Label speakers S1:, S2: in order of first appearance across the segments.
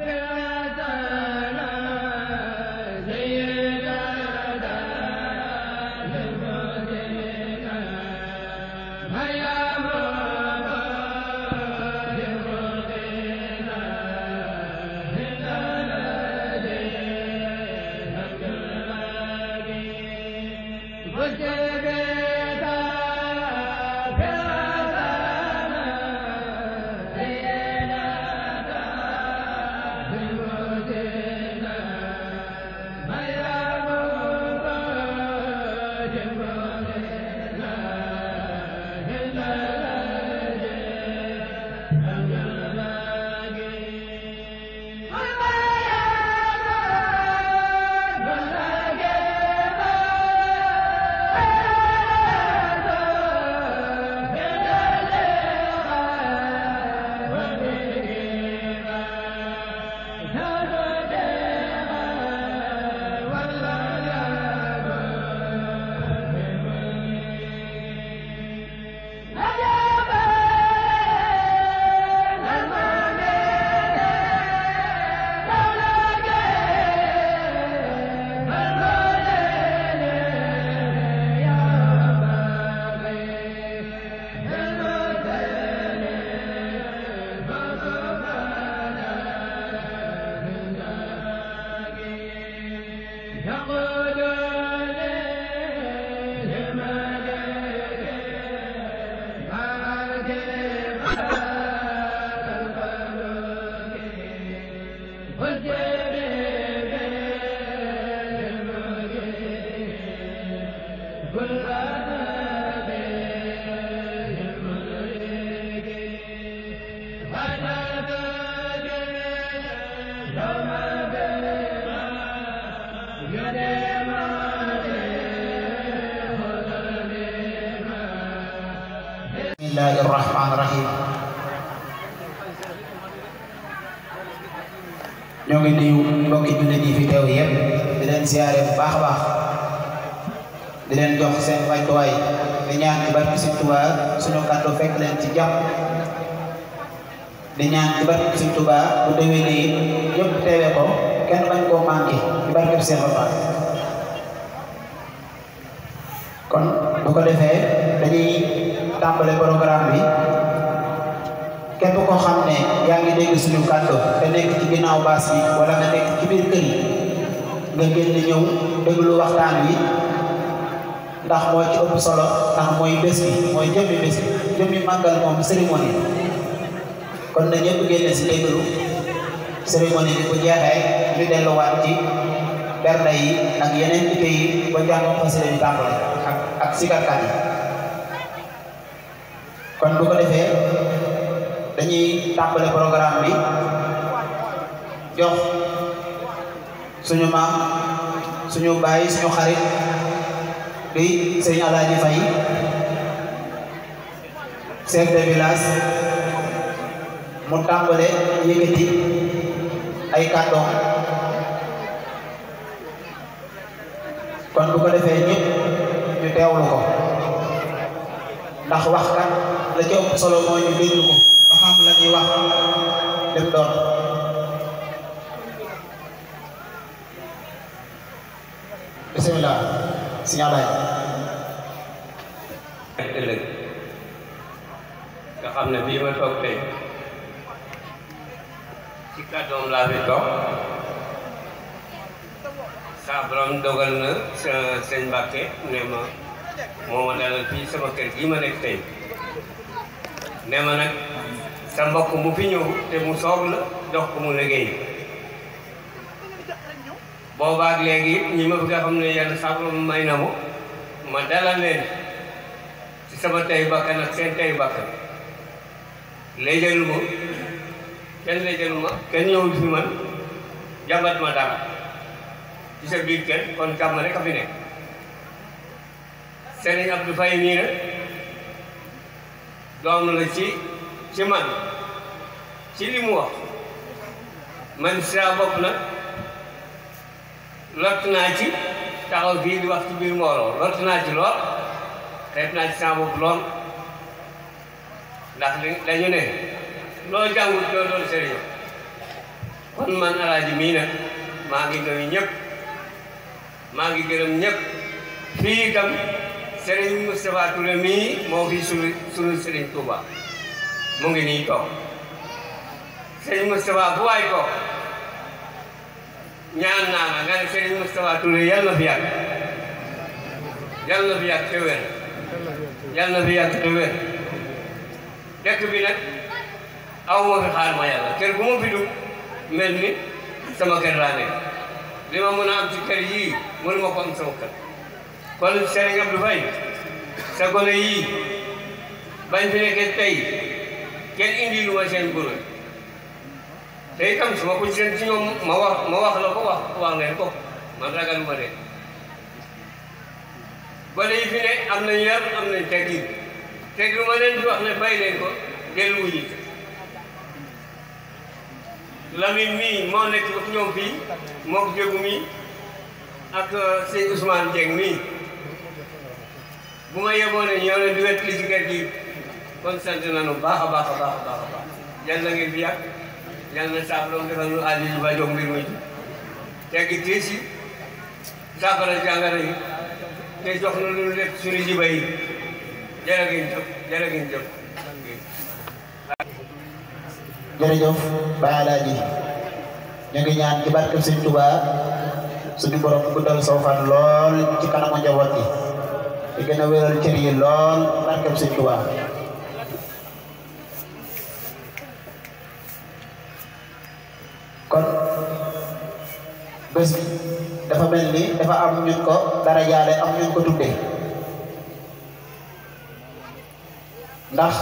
S1: Yeah.
S2: Bismillahirrahmanirrahim.
S3: ñoo ngi nuyu mbokk jullit yi fi teew yépp di leen siyaare bu baax baax di leen jox seen wàccuwaay di ñaan ci barki Sëñ Tuubaa suñu kàddu fekk leen ci jàpp di ñaan ci barki Sëñ Tuubaa bu déwee ni ñëpp teewee ko kenn bañ koo manqué di barki Sëñ Tuubaa kon bu ko defee tàmbale programme bi képp ko xam ya yaa ngi dégg suñu kaddo te nek ci ginaaw baas bi wala nga nek ci biir kër yi nga génn ñëw déglu waxtaan yi ndax moo ci ëpp solo ndax moy bés bi moy jëmmi bés bi jëmmi màggal mom cérémonie kon na ñëpp génn si déglu cérémonie bi bu jeexee ñu delluwaat ci bernde yi ak yeneen yi ba jàng fa yi tàmbale ak ak sikarkat kon bu ko defee dañuy tàmbali programme bi jox suñu suñu suñu di sëñ Alaaji Fay chef de village mu tàmbale yëkkati ay kàddoom kon bu ko ndax wax la la ci ëpp solo mooy ñu déglu xam la ñuy wax dem doon bisimilah signalay
S4: ëllëg nga xam ne bii ma toog ci kàddoom laa fi toog saa borom dogal na sëñ Mbàkke ne ma moo ma dalal fii sama kër gi ma nekk tey ne ma nag sa mbokk mu fi ñëw te mu soog la dox ko mu liggéey boobaak léegi ñi ma bëgg a xam ne yàlla sax may na ma dalal leen ci sama tey bakkan ak seen tey bakkan léejalu ma kenn léejalu ma kenn ñëwul fi man jàmbat ma dara ci sa biir kenn kon kam ma a fi nekk Serigne Abdou Faye mii nag doom la ci ci man ci li mu wax man saa bopp lott naa ci taxaw fii di wax ci biir mbooloo lott naa ci lool xeet naa ci saa lool ndax dañu ne loo jàngut doo doon sëriñ kon man alaaji mii nag maa ngi nuyu ñëpp maa ngi gërëm ñëpp fii itam Serigne Moustapha Touré mii moo fi sunu sunu Serigne mu ngi nii toog Serigne Moustapha bu waay ko ñaan naa la nga ne Serigne Moustapha yal na fi yàgg te wér yal na fi yàgg te wér dëkk bi nag aw ma fi xaar ma yàlla kër gu ma fi dugg mel ni sama kër laa nekk li ma mën a am ci kër yii mënu ma ko am sama kër. kon Serigne Abdou Faye sa gone yii bañ fi nekkee tey kenn indi lu ma seen gone te itam su ma ko seen ci ñoom ma wax ma wax la ko wax wax ngeen ko man ragal ma de gone yi fi ne am nañ yar am nañ teggin te du ma leen di wax ne bàyyi leen ko delluwuñu Lamine mii moo nekk ak ñoom fii moo ko jógu mii ak euh, sëñ Ousmane Dieng mii bu ma yeboo ne ñoo jangan di jangan li ci kër gi kon sant nañu baax a baax a baax a baax a baax yal na ngeen ba jox mbir ma ji teggi tiis yi saafara jàngara yi te jox na lu lépp suñu jangan yi jërë ngeen jëf jërë ngeen jëf
S3: jërëjëf Baye Alaaji ñu ngi ñaan ci barkeb Sëñ Tuubaa suñu borom guddal di gën a ci cër yi lool barkeb sëñ Tuubaa kon bés bi dafa mel ni dafa am ñun ko dara jaale am ñun ko tudde ndax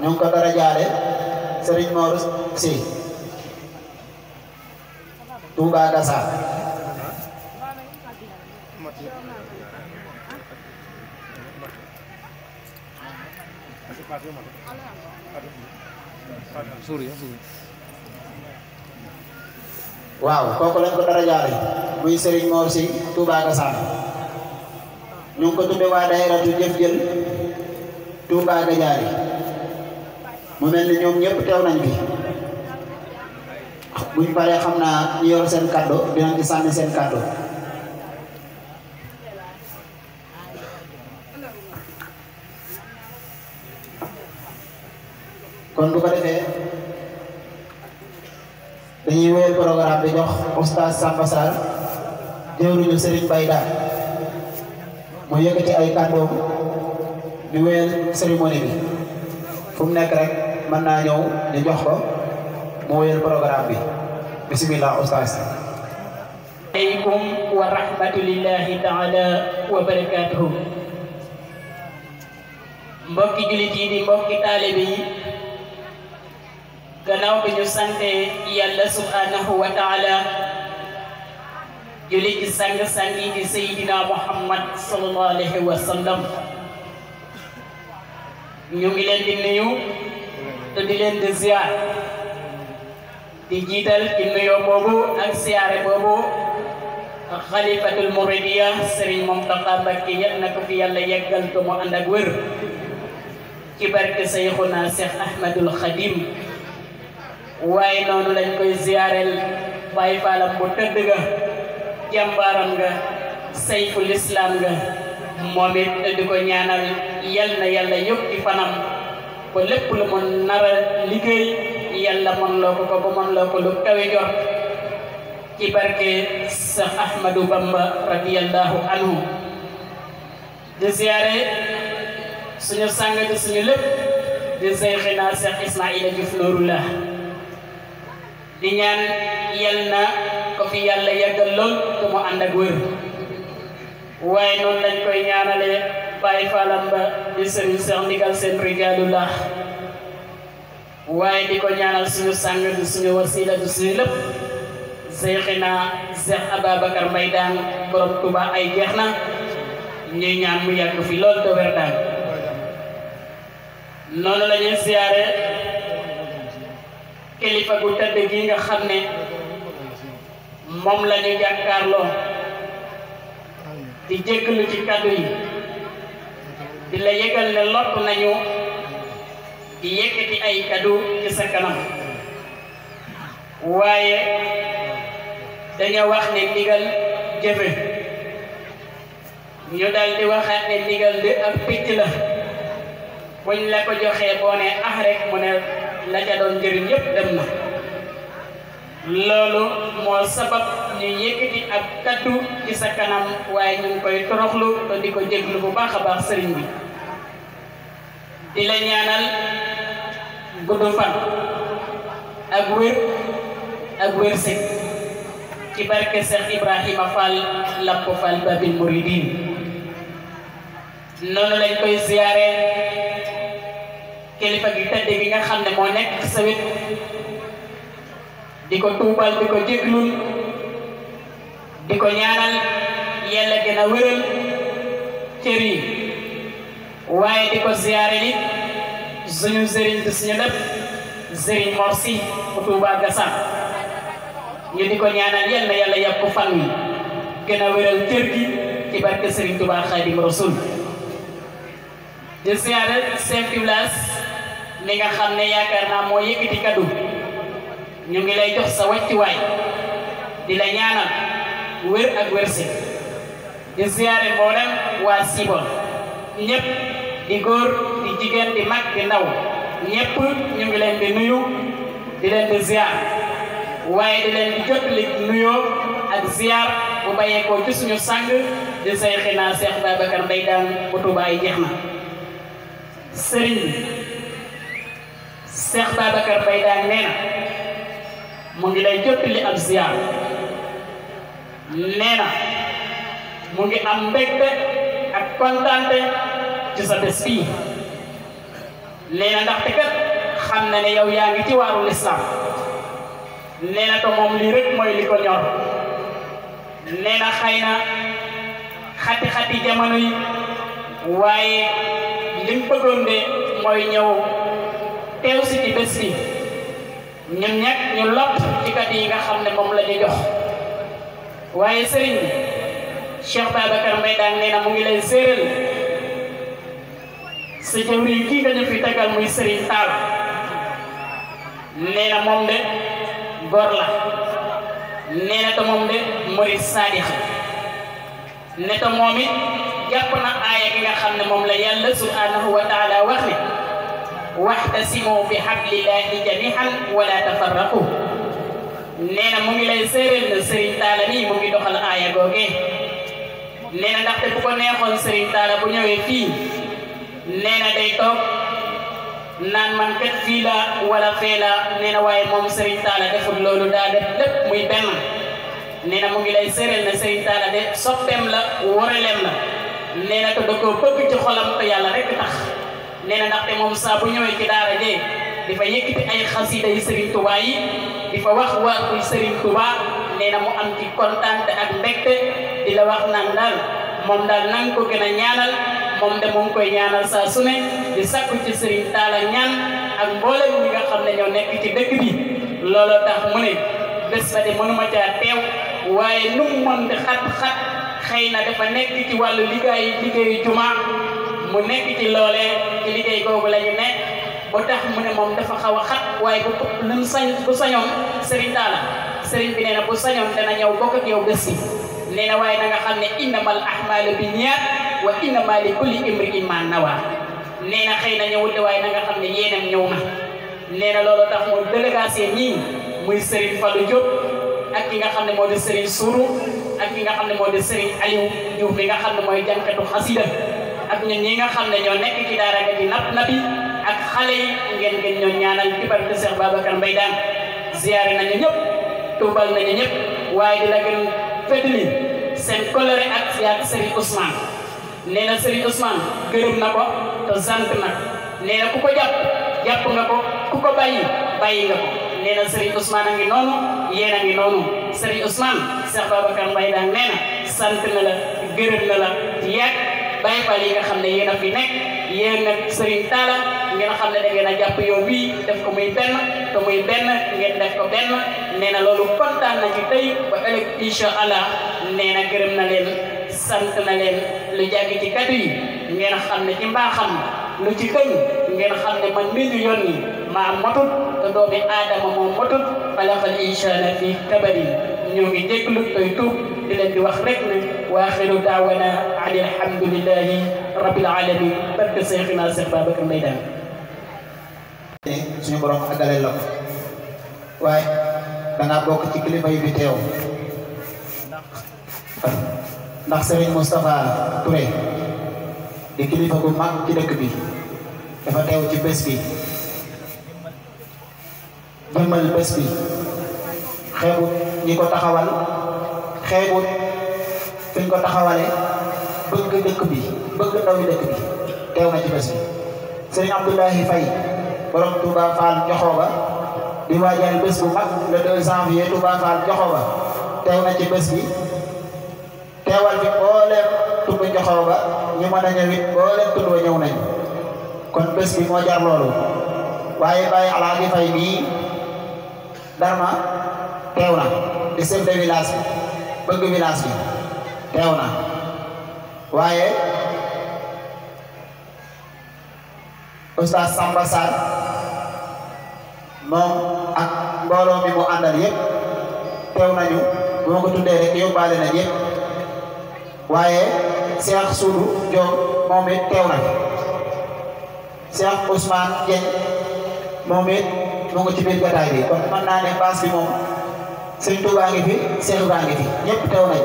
S3: ñu ngi ko dara jaale Serigne Mor si Touba Gassa waaw kooku lañ ko dara jaare muy Serigne Mor Sy Touba Gassane ko tudde waa daayira du jëf jël Touba Gadiaari mu mel ni ñoom ñëpp teew nañ fi buñ paree xam naa ñu yor seen kàddu dinañ ci sànni seen kàddu kon bu ko defee dañuy wéyal programme bi jox oustaz Samba Sall jëwriñu Serigne Baye Dar mu yëkkati ay kàddoom di wéyal cérémonie bi fu mu nekk rek mën naa ñëw ñu jox ko mu programme bi oustaz.
S5: di gannaaw bi ñu sante yàlla subhanahu wa taala julli ci sang-sang yi di sayidina muhammad jiital ci nuyoo yàlla yeggal ko Xadim waaye noonu lañ koy ziyaareel bàyyi faalam bu tëdd ga jàmbaaram nga sayful islaam nga moom it ko ñaanal yal na yàlla yokk fanam ba lépp lu mu nar a liggéey yàlla mën loo ko ko ba mën lu kawe jot ci barke Seex Ahmadu Bamba radiyallahu anhu di ziyaare suñu sàng di suñu lépp di Seyxinaa Seex Ismaayila Juuf Nuurullah di ñaan yal na ko fi yàlla yàggal lool te mu ànd ak waaye noonu lañ koy ñaanale bàyyi faalam di sëriñ Seex ndigal seen rigaalullah waaye di ko ñaanal suñu sàng di suñu wasila di suñu lépp seyxina Seex Ababacar Mbay daan borom Tuba ay jeex na ñuy ñaan mu yàgg fi lool te wér daan noonu la siyaare kilifa gu tëdd gi nga xam ne moom la ñu jàkkaarloo di jéggalu ci kaddu yi di yëgal ne lott nañu di yëkkati ay kaddu ci sa kanam waaye dañu wax ne ndigal jëfe ñu dal waxaat ne ndigal di ak picc la buñ la ko joxee boo ne ax ah rek mu ne la ca doon njëriñ yëpp dem na loolu moo sabab ñu yëkkati ak kaddu ci sa kanam waaye ñu ngi koy toroxlu te di ko jéglu bu baax a baax sëriñ bi di la ñaanal gudd fan ak wér ak wér sëg ci barke Cheikh Ibrahima Fall Lamp Fall Babil Mouridine noonu lañ koy ziyaare kilifa gi tedd bi nga xam ne moo nekk sa di ko tuubal di ko jéglul di ko ñaanal yàlla gën a wéral cër yi waaye di ko ziyaare nit suñu sëriñ bi suñu lépp sëriñ Mor Si Tuubaa Gassam ñu di ko ñaanal yàlla yàlla yàpp fan wi gën a wéral cër gi ci barke sëriñ Tuubaa Xaadim Rasuul di siyaare chef du village li nga xam ne yaakaar naa moo yëkkati kaddu ñu ngi lay jox sa wàccuwaay di la ñaanal wér ak wérsi di siyaare mboolem waa Sibon ñëpp di góor di jigéen di mag di ndaw ñëpp ñu ngi leen di nuyu di leen di ziar waaye di leen di jot li nuyoo ak ziar bu bàyyeekoo ci suñu sang di Seex Babacar Mbaye daan bu yi jeex na sëriñ Seex Babacar Bay daan nee na mu ngi lay jottali ab ziyaar nee na mu ngi am mbégte ak kontaante ci sa bés bii nee na ndaxte kat xam na ne yow yaa ngi ci waaru lislaam nee na te moom lii rek mooy li ko ñor nee na na xati-xati jamono waaye li mu bëggoon de mooy ñëw teew si ci bés bi ñun ñett ñu lot ci kat yi nga xam ne moom la ñu jox waaye sëriñ bi Cheikh Babacar Mbaye daan nee na mu ngi lay séeréel sa jawriñ kan kii nga fi tegal muy sëriñ Tall nee na de góor la nee na te de murid saadix ne te جاب لنا آية من خلنا مملايا سبحانه وتعالى وخي واحتسموا في حق الله جميعا ولا تفرقوا نينا مومي لا سير سيرين تالاني مومي دخل آية غوغي نينا داخت بوكو نيخون سيرين تالا بو نيوي في نينا داي توك نان مان كات في ولا في لا واي موم سيرين تالا دافول لولو دا داف لب موي بن نينا مومي لا دي سوبتم لا وورلم لا nee na te da koo bëgg ci xolam te yàlla rek tax nee na ndaxte moom saa bu ñëwee ci daara jee dafa yëkkati ay xasida yi Serigne Touba yi di fa wax wax kuy Serigne Touba nee na mu am ci kontaan ak mbégte di la wax naan daal moom daal na ko gën a ñaanal moom de mu ngi koy ñaanal saa su ne di sakku ci Serigne Talla ñaan ak mboole ñi nga xam ne ñoo nekk ci dëkk bi looloo tax mu ne bés ba de mënuma caa teew waaye nu mu di xat-xat. xëy na dafa nekk ci wàllu liggéey liggéeyu juma mu nekk ci loolee ci liggéey googu la ñu nekk ba tax mu ne moom dafa xaw a xat waaye bu lu sañ bu sañoon Serigne Talla Serigne bi nee na bu sañoon dana ñëw bokk ak yow gës yi nee na waaye na xam ne innamal ahmaalu bi niyaat wa innamaa li kulli imri'in maa na xëy na ñëwul de waaye na nga xam ne yéenam ñëw na nee na loolu tax mu délégation ñii muy Serigne Fallou Diop ak ki nga xam ne moo di Serigne Sourou. ak ki nga xam ne moo di Serigne Ayou Diouf bi nga xam ne mooy jànkatu xasida ak ñun ñi nga xam ne ñoo nekk ci daara ga di napp nappi ak xale yi ngeen ngeen ñoo ñaanal ci barke Cheikh Babacar Mbaye daan ziyaare nañu ñëpp tuubal nañu ñëpp waaye di la gën fëtli seen coloré ak yaak Serigne Ousmane nee na Serigne na ko te sant na nee ku ko jàpp jàpp nga ko ku ko bàyyi bàyyi nga ko. nena sëriñ Usman ang ngi noonu yéen a ngi Usman, sa Ousmane Cheikh Babacar Mbaye daan nee na sant na la gërëm na la yàgg bàyyi fal yi nga xam ne yéen a fi nekk yéen nag sëriñ Talla ngeen xam ne da ngeen a jàpp yow bii def ko muy benn te muy benn ngeen def ko benn nee na loolu na na na ak doomi aadama moom wax rek
S3: ne suñu borom àggale ci kilifa yu bi teew ndax Serigne Moustapha Touré di mag ci dëkk bi dafa teew ci bés jëmmal bes bi xeebut ñi ko taxawal xeebut fi ko taxawalé bëgg dëkk bi bëgg ndawi dëkk bi teew na ci bes bi sëriñ abdullah fay borom Touba Fall Joxooba di waajal bes bu mag le 2 janvier Touba Fall Joxooba teew na ci bes bi teewal bi booleem tudd Joxooba ñu mëna a ñëw it booleem tudd ñëw kon bes bi jaar lolu waye baye ala alaaji fay bi Darma teew na di chef de village bi bëgg village bi teew na waaye Oustaz Samba Sarr moom ak mbooloo mi àndal yëpp teew nañu bu ma ko tuddee rek yóbbaale na yëpp waaye Cheikh Soudou Diop moom it teew na Cheikh Ousmane Dieng moom it mu ngi ci biir gataay bi kon mën naa ne baas bi moom sëñ Touba ngi fi Cheikh Ibra ngi fi ñëpp teew nañ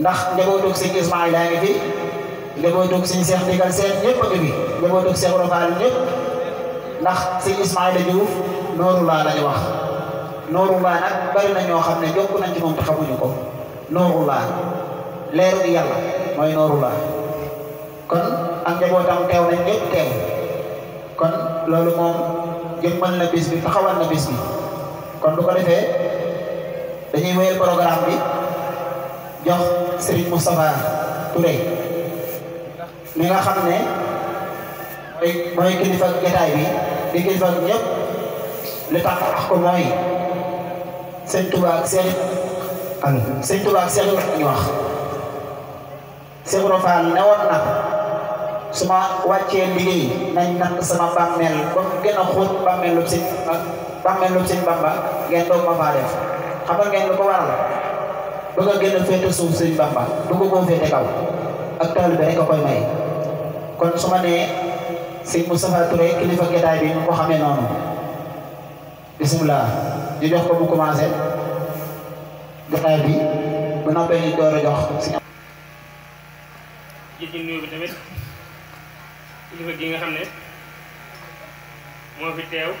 S3: ndax njabootug sëñ Ismaïla ngi fi njabootug sëñ Cheikh Ndigal Seen ñëpp a ngi fi njabootug Cheikh Rofal ñëpp ndax sëñ Ismaïla Diouf nooru laa lañu wax nooru laa nag bari na ñoo xam ne jokk nañ ci moom te xamuñu ko nooru laa leeru gi yàlla mooy nooru laa kon ak njabootam teew nañ ñëpp teew kon loolu moom jëmmal na bis bi taxawal na bis bi kon bu ko defee dañuy wéyal programme bi jox Serigne Moustapha Touré mi nga xam ne mooy mooy kilifa jotaay bi di kilifa ñëpp li ko mooy sëñ Touba ak Cheikh al sëñ Touba ak Cheikh ñu wax Cheikh Rofal newoon na su ma wàccee liggéey nañ natt sama bàmmeel ba mu gën a xóot bàmmeelu sëñ bàmmeelu sëñ Bamba ngeen doog ma faa def xam ngeen lu ko waral bëgg a gën a féete suuf sëñ Bamba bëgg koo féete kaw ak taalibe rek a koy may kon su ma nee sëñ Moustapha Touré kilifa gétaay bi ñu ko xamee noonu bisimilah ñu jox ko mu commencé gétaay bi bu noppee ñu door a jox si.
S6: jërëjëf nuyu bi tamit. kilifa gi nga xam ne moo fi teew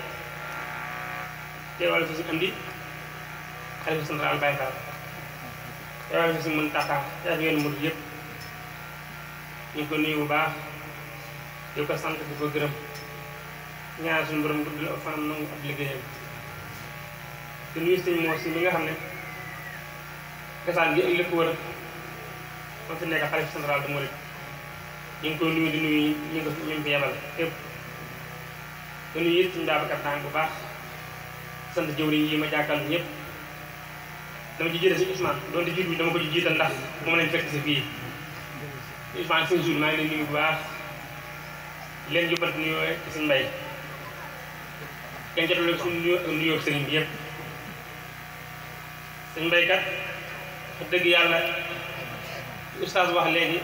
S6: teewal fi si andi xalifa central Baye Fall teewal fi si mën taxaar yaa fi ngeen murid yëpp ñu ngi ko nuyu bu baax di ko sant di ko gërëm ñaar suñu borom gudd la fanam nangu ab liggéeyam te nuyu sëñ moo si mi nga xam ne gasaan gi ak lépp wër a moo fi nekk xalifa central du murid ñu ngi koy nuyu di nuyu ñu ko ñu ngi ko yebal bu baax sant jëwriñ yi ma jàkkal ñëpp dama ci jëlee si Ousmane doonte jur bi dama ko ci jiital ndax moom lañ fekk si fii Ousmane suñu jur maa ngi bu baax leen jubal nuyoo ci suñu mbay kenn jotale ko suñu nuyoo ak nuyoo sëriñ bi yëpp suñu mbay kat dëgg yàlla ustaas wax léegi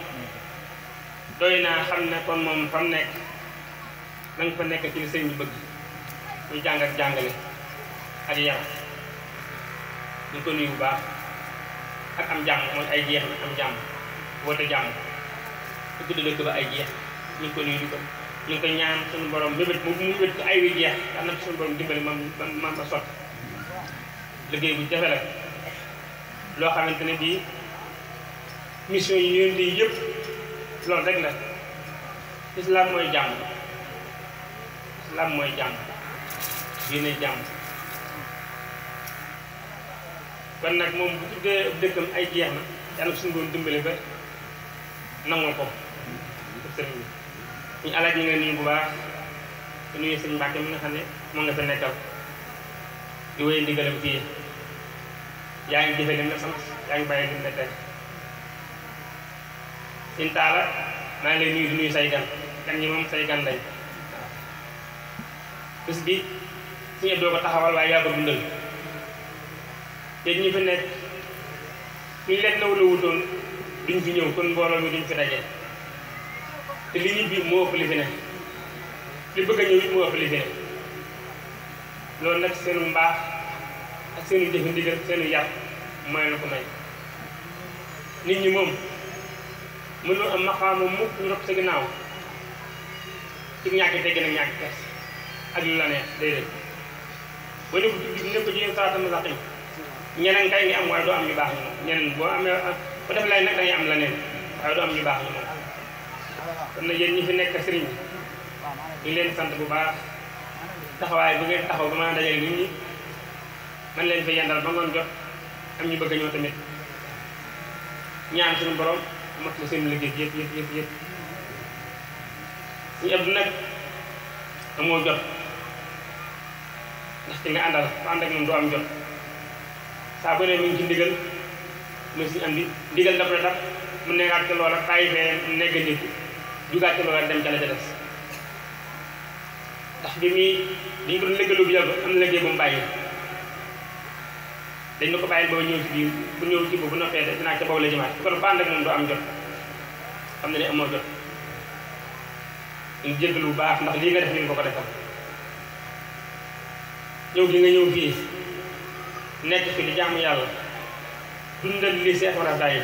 S6: doy naa xam ne kon moom fa mu nekk na nga fa nekk ci li sëñ bi bëgg muy jàng ak jàngale ak yar ñu ko nuyu bu baax ak am jàmm mooy ay jeex bi am jàmm woote jàmm te tudd dëkk ba ay jeex ñu ngi ko nuyu ñu ko ñaan suñu borom bébét mu mu wét ko ay wi jeex am na suñu borom dimbali man man ma sot liggéey bu jafe la loo xamante ne bii mission yi ñu leen di yëpp loolu rek la islam mooy jàmm islam mooy jàmm diine jàmm kon nag moom bu tuddee dëkkam ay jeex na yàlla bu suñu boon dimbali ba nangul ko sëriñ bi ñu alaaj ñu ngi nuyu bu baax mi nga xam ne moom nga fa nekkal di wéy ndigalam fii yaa ngi jëfe lim la sant yaa ngi bàyyi lim la tey sin taala maa ngi lay nuyu nuyu say gan gan ñi moom say gan lañ waaw bis bi su ñëpp doo ko taxawal waaye yaa ko dundal te ñi fi nekk suñ leen law la wutoon duñ fi ñëw kon mbooloo mi duñ fi daje te li ñibbi moo li fi li bëgg li fi seenu ak seenu jëfe seenu yar mooy la ko may nit ñi moom mënul am maqaama mukk ñu topp sa ginnaaw ci ñàkk dégg na ñàkk kers ak lu la neex déedéet ba ñu ko ne ko jiyén sarata am waaye doo am ñu baax ñu moom ñeneen boo amee bu def lay nag dangay am la neen waaye doo am ñu baax ñu moom kon nag yéen fi nekk sëriñ bi ñu leen sant bu baax taxawaay bu ngeen taxaw ba mën a dajale nit ñi man leen fi yendal ba ngoon jot am ñu bëgg ñoo tamit ñaan suñu borom mat na seen liggéey yëpp yëpp yëpp si suñu Abdu nag amoo jot ndax ki nga àndal ba ànd ak moom doo am jot saa ne mi ngi ci ndigal mooy suñu am di ndigal dafa tax mu nekkaat ca loola bàyyi fee nekk nit jugaat ca loola dem ca la ca des ndax bi muy bi ñu ko doon lëkkaloo bi am na liggéey bu mu bàyyi dañ na ko bàyyi boobu ñëw si biir bu ñëw si bu noppee def dinaa ca boobu la jëmaat am jot xam amoo jot ñu jéggalu baax ndax lii nga ko ko defal ñëw gi ñëw fii nekk fi di jàmm yàlla dundal li Seex Ibra bàyyi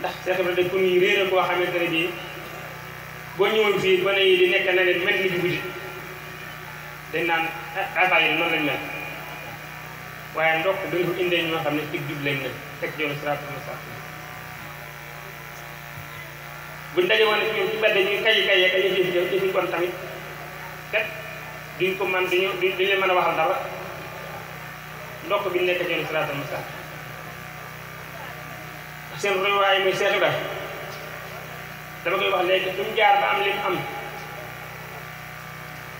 S6: ndax Seex Ibra de ku ñuy réere koo xamante ne bii boo ñëwoon fii gone yi di nekk na leen mel ni bi guddi dañ naan afaay ah, ah, yi noonu lañ mel waaye ndox dañ ko indee ñoo xam ne ci jub lañ ne teg yoonu siraatul a buñ daje woon ci ñoom ci ñuy kay kay ak kon tamit kat duñ ko man duñu duñ leen mën a waxal dara ndox bi nekk ci yoonu siraatul mustaqiim seen royuwaay muy Seex Ibra koy wax léegi fi mu jaar ba am li mu am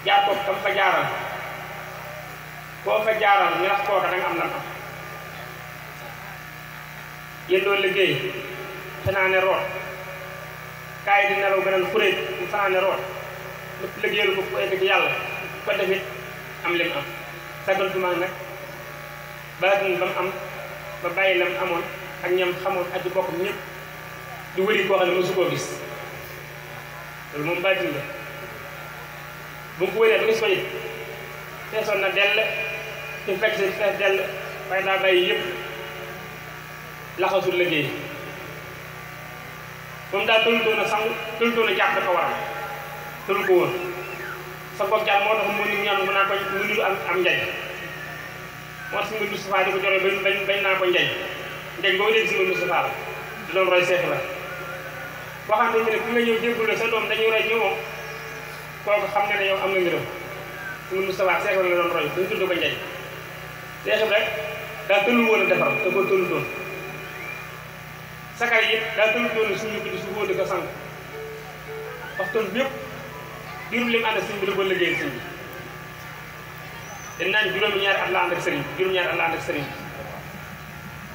S6: jaar kam fa jaaral koo fa jaaral ñu wax kooka da nga am lan yendoo liggéey fanaane root kaay di nelaw gënal xuréet mu fanaane root lépp liggéeyal ko ko ci yàlla ko defit am lim am sagal dumaa nag baatin ba mu am ba bàyyi la mu amoon ak ñam xamoon ak ci bokkam di wëri koo xam ne mosu koo gis loolu moom baatin la bu mu ko ba gis ko feesoon na dell su fekk si fees dell fay naa bàyyi yëpp laxasul liggéey moom daal tëlutoon a sangu tëlutoon a jàpp dafa waral tëlu ko woon sa bopp jàpp moo tax mu nit ñaan mu naa ko mu niru am am njañ moo tax nga Moustapha di ko naa ko njañ njañ boobu dégg si nga Moustapha xam nga ñëw jéggul sa doom dañuy roy ñëwoo kooku xam nga ne yow am na ngërëm si nga Moustapha seex la doon roy buñ tudd ko njañ Cheikh Ibrahim daa tëlul woon a defar te ko tëlu doon sakay it daa tëlul doon suñu ko di su wóor di ko sànq parce que yëpp diiru lim ànd sëñ bi da ko liggéeyal sëñ bi dañ naan juróomi ñaari at la ànd ak sëriñ juróomi ñaari at la ànd ak sëriñ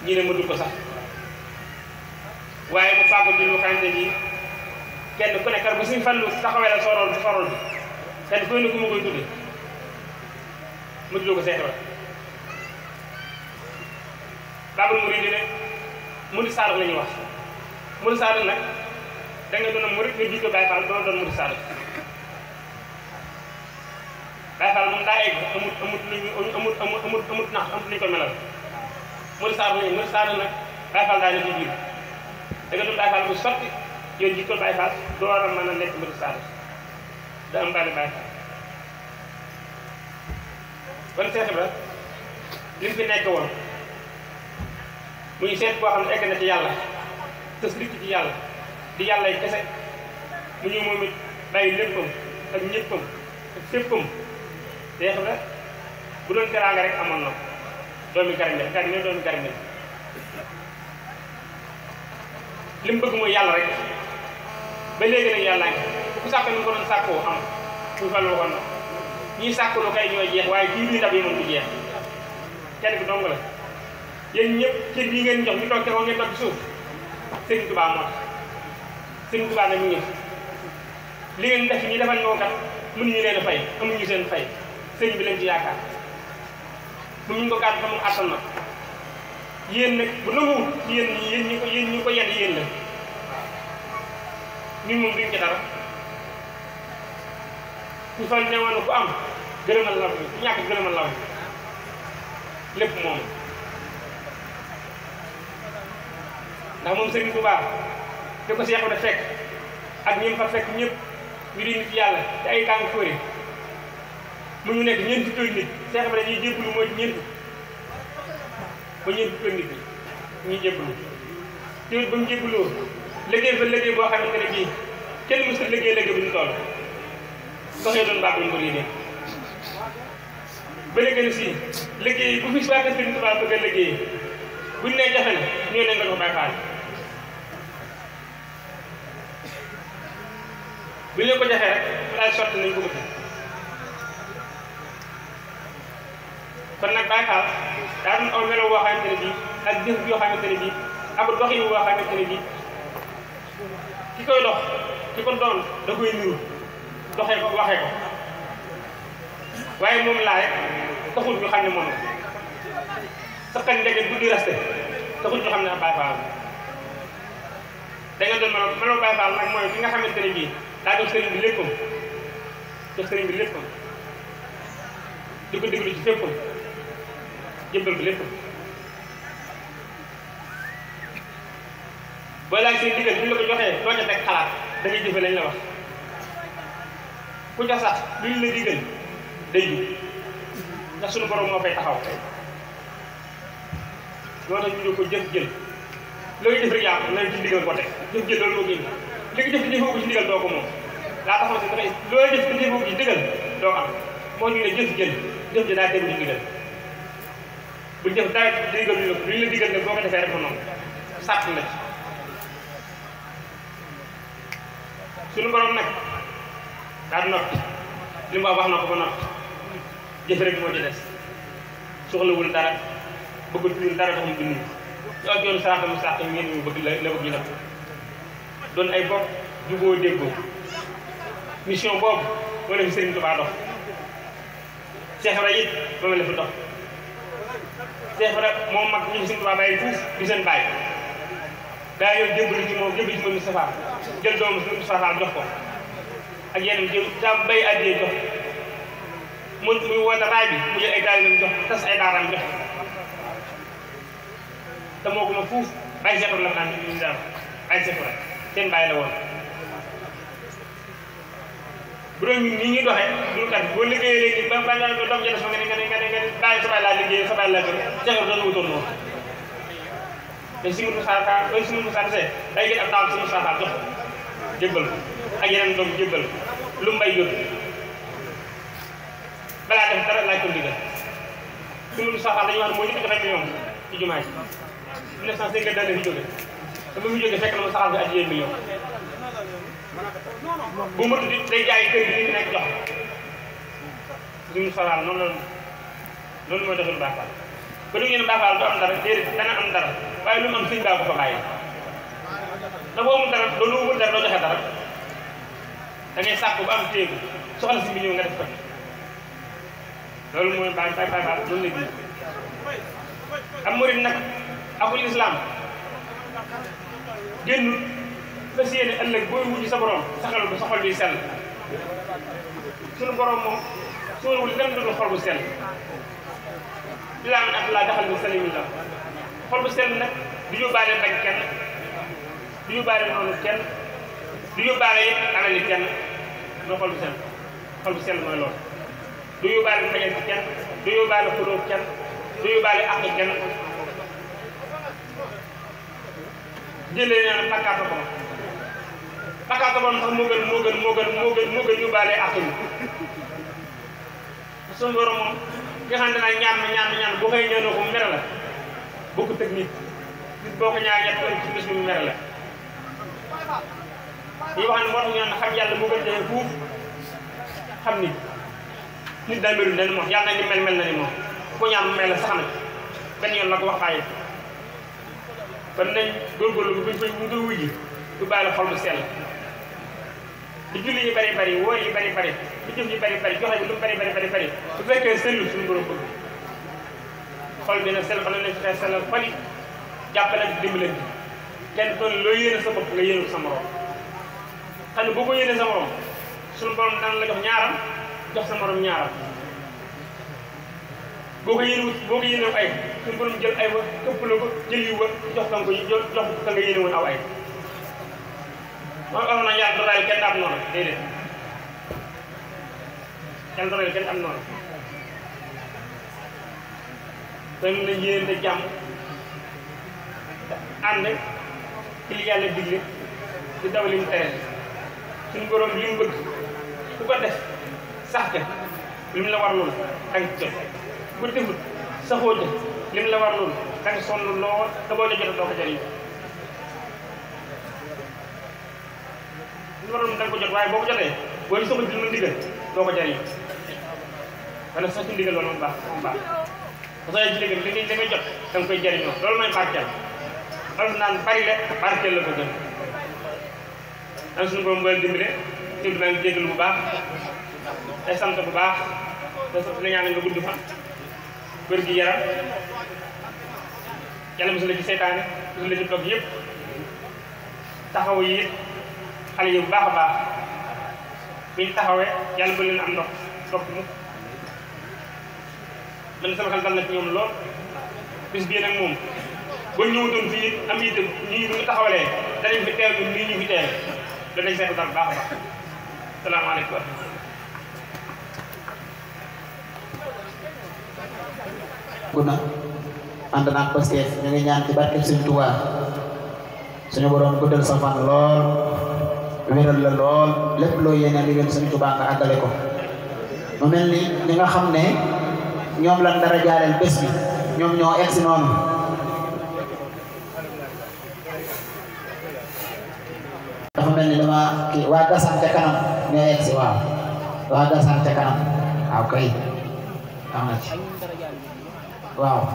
S6: ñi ne mënul ko sax waaye mu fàggu bi lu xamante ni kenn ku nekkar bu suñ fallu taxawee la sooroon bi faroon bi kenn ku ne ko ma koy tudde mu ko seetal Baabul Muridiina murid saadiq la ñuy wax murid saadiq nag da nga doon murid nga jiite Baay Faal doo doon murid saadiq Baay Faal moom daa egg amut amut luñu amut amut amut amut nax amut luñu doon Baay bu sotti yow jiite Baay doo war a mën a nekk murid saadiq da am bari Baay Faal kon Seex Ibra fi nekk woon muy seet boo xam ne egg na ci yàlla tës ricc ci yàlla di yàlla yi kese mu ñëw moom it bàyyi léppam ak ñëppam ak féppam dee xam bu doon teraanga rek amoon na doomi garmel garmel doomi garmel li mu bëgg mooy yàlla rek ba léegi nag yàlla ngi ku sàkk nu mu ko doon sàkkoo am suñu fàllu waxoon na ñii sàkk lu kay ñooy jeex waaye kii bii ndab yi moom du jeex kenn ku dong la yéen ñëpp cër bii ngeen jox ñu toog ca ngeen toog suuf sëñ Tuubaa moo tax sëñ Tuubaa nag ñu li ngeen def ñu defal ñoo kat mënuñu leen fay amuñu seen fay sëñ bi leen ci yaakaar bu ñu ko gàtt moom attan na yéen nag bu nanguwul yéen ko yéen ñi ko yedd yéen la ñun duñ ci dara ñu fa newoon ku am gërëmal law bi ku ñàkk gërëmal law bi lépp moom ndax moom Serigne Touba di ko seexu da fekk ak ñun fa fekk ñëpp ñu di nit yàlla te ay kàng fóore mu ñu nekk ñeenti tooy nit seex ba dañuy jébbalu mooy ñeent ba ñeenti tooy nit bi ba mu jébbaloo liggéey fa liggéey boo xamante ne bii kenn mësul liggéey liggéey bu ñu toll soxee doon baax mbir yi de ba léegi bu fi baax Serigne Touba a ñoo ne nga ko bayfaal bu ñu ko joxee rek daal sotti nañ ko bëgg kon nag Baay Faal daa doon aw melo boo xamante ne bii ak yoo xamante ne bii ak doxin boo dox ki da koy niru ko waxee ko waaye moom laay taxul ñu xam ne moom sa kan ndege guddi raste taxul ñu xam ne Baay Faal da nga doon melo melo Baay Faal nag mooy ki nga xamante ne bii. daa jox sëriñ bi léppam jox sëriñ bi léppam di ko déglu ci féppam jëmbal bi léppam boo laaj seen digal bu la ko joxee doo ca la wax ku jox sax lu ñu la digal day jub ndax suñu borom moo fay taxaw loolu tax jëf jël looy jëf rek yaa ko looy ci digal ko teg jëf jël loolu moo gën léegi nga def te defoo ko doo ko moom daa taxaw si dafay looy def te doo am ñu ne jëf jël jëf ji daa tegu ci ndigal bu jëf daa digal ñu la digal ne boo ko defee rek noonu sàtt la ci suñu borom nag daal noppi li mu wax wax na ko ba noppi jëf rek moo ci des dara bëgg dara taxum dund ñu ak sàq ngeen ñu la la bëgg ñu def doon ay bokk juboo déggoo mission boobu moo la fi Serigne Touba dox Cheikh Ibra it moom la fi dox Cheikh moom mag ñu fi Serigne Touba bàyyi fuuf di seen bàyyi daa yow jébbalu ci moom jébbalu ci moom Moustapha jël doomu Moustapha jox ko ak yenn jëm daa bay addee jox mun muy woote raay bi mu jël ay taalibeem jox tas ay daaraam jox te moo ko ma fuuf bàyyi Cheikh Ibra la naan ñu daal bàyyi Cheikh seen bàyyi la woon bu doon ñun nii ñuy doxee duñu kat boo liggéeyee léegi ba ba doom ja des ma nga ne nga ne nga ne nga ne bàyyi sa bàyyi laa liggéey sa bàyyi laa gën jafe doon wutoon noonu te si ak yeneen doom jébbal lu mbay yóbbu balaa def dara laaj ko ndigal si munu saa saa dañu wax moo ñu ko defee ñoom ci jumaa ji 1952 la fi te bu mu jógee fekk na mu saxal bi ak yéen million bu mu di day jaay kër gi nekk jox suñu salaam noonu la loolu mooy deful baaxal ba du ngeen baaxal du am dara déedéet dana am dara waaye lu mu am suñ baa ko fa bàyyi
S2: te boo mu dara loolu
S6: wut dara doo joxe dara da ngay sàkku ba am téegu soxla si million nga def ko loolu mooy baax baax baax loolu la am murid nag akul islam génnut fas yéene ëllëg booy wuti sa borom saxal ko sa xol bi sell suñu borom moom soowul lenn dul xol bu sell bilaam ak laa daxal bi salimi la xol bu sell nag du yóbbaale bañ kenn du yóbbaale xol bu sell mooy loolu du yóbbaale mbañal kenn du yóbbaale xulóo kenn du yóbbaale àq kenn jëlee naan bakkaat ba bon bakkaat ba bon sax moo gën moo gën moo gën moo gën moo gën ñu baalee ak yi suñu borom moom nga xam ñaan ma ñaan ma ñaan boo koy ñaanoo ko mu mere la bokku technique nit boo ko ñaan ñett yàlla moo gën ni nit daa melul ne ni moom yàlla na mel mel na ni moom ku ñaan mu mel la sax na benn yoon la ko wax bàyyi kon nañ góorgóorlu buñ koy mu nga wuy ji du baalu xol bu sell li julli yi bari bari wóor yi bari bari li jëf joxe lu mu bari bari bari bari su fekkee sellu suñu borom xol bi nag sell xol nañ fexe sellal xol yi jàppalante dimbalante kenn doon loo yéene sa bopp nga yéene sa morom ne boo ko yéene sa morom suñu borom daan la jox ñaaram jox sa moroom ñaaram boo ko yéene boo ko yéene ay suñu borom jël ay wa këpp la ko jël yu ba jox kan ko jox ka nga yéene woon aw ay moom am na yàlla doraay kenn am noonu déedéet kenn doraay yàlla digle di daw li mu tere suñu borom li mu bëgg ku ko def sax te li mu la war loolu ak jot bu déglu saxoo jë lim la war loolu da nga sonn lool te la jot doo ko jëriñ li waroon boo ko jotee boo ñu soxla ci lu ndigal doo ko jëriñ wala sax ci ndigal loolu moom baax moom baax parce que li ngay da koy jëriñoo loolu mooy barkeel loolu naan bari la barkeel la bu baax te sant bu baax te sant nga gudd fan wér gi yaram yàlla mosul la ci seytaane mosul la ci toog yëpp taxaw yi xale yi bu baax a baax buñ taxawe yàlla ba leen am ndox ndox mu man sama xel dal ñoom lool bis bii nag moom ba ñëwutoon fii am yitte ñi ñu taxawalee danañ fi teew ñun nii ñu fi teew danañ seet dara baax a baax salaamaaleykum
S3: sakku andan ak naag pasteef ñu ngi ñaan ci barkeb Sëñ tuwa suñu borom ko sa fan lool wéral la lool lepp lo yéne yéene ñu Sëñ tuba nga àggale ko mu melni ni ñi nga xamné ñom la dara jaareel bés bi ñom ñoo egsi non dafa melni dama ki wa waa Gassane ca kanam ñoo wa wa waa Gassane ca kanam akay ah, amna ci Wow.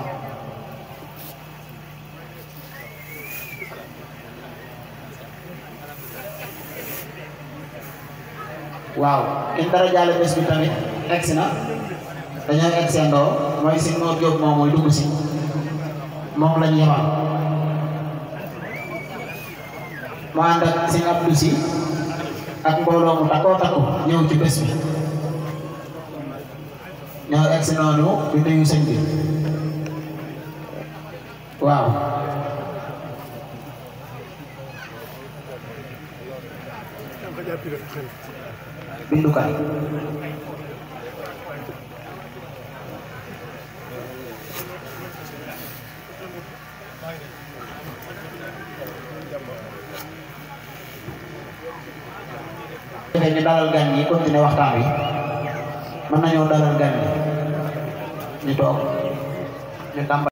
S3: wow, intara jalan jàll bés nih, tamit Tanya si na mau egg mau doo mau mau noo jóg mau mooy dugg si moom lañ yemal mau ànd ak si Abdou si ak mbooloo ñoo egsi noonu di nuyu sëñ bi waaw bindukaay ñu dalal gan yi continuer waxtaan wi mën nañoo dalal gan yi
S2: ñu toog ñu tàmbali